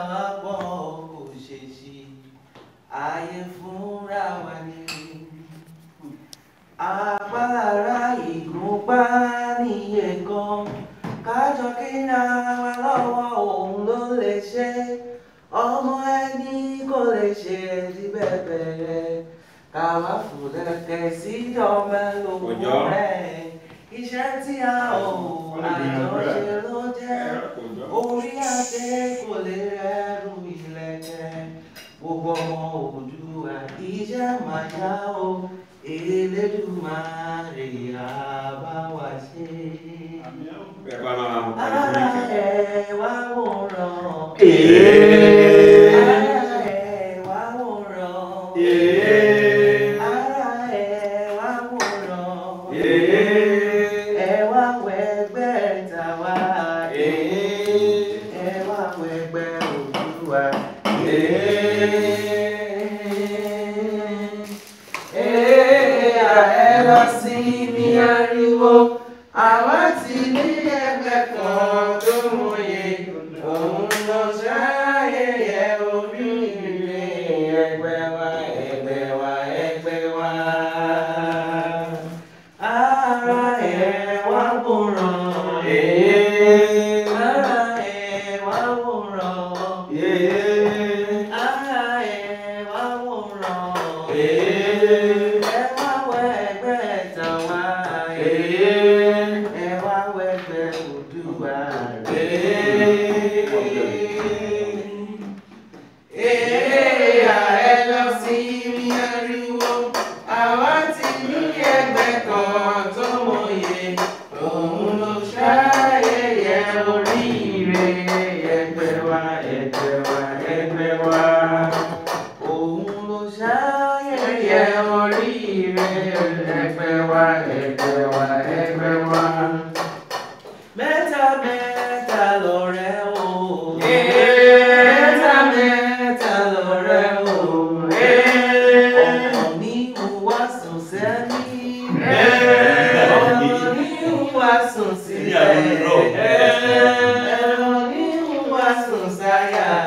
ọgbọ́n kò ṣèṣì fúnra wa ni apálára ìgúnpá nìyẹn kan kájọ kíra wa lọ́wọ́ òun ló lè ṣe ọmọ ẹni kò lè ṣe ẹni bẹ́ẹ̀ bẹ̀rẹ̀ káwa fòlẹ́kẹ̀ sí ọmọ lòun rẹ̀ iṣẹ́ tí a ò àjọṣe ló jẹ́ orí adé. gbogbo ọmọ Odùduwà ìjà máa já o Elédùmarè á wa ṣe. ẹ wá wòran. ẹ wá wòran. yọ sí mi ariwo àwa tó mòye òun lọ ṣááyẹyẹ Yeah, yeah, yeah, yeah, yeah, yeah, yeah, yeah, yeah, yeah, sùn sílẹ̀ ẹ̀rọ ní wá sùn sáyà.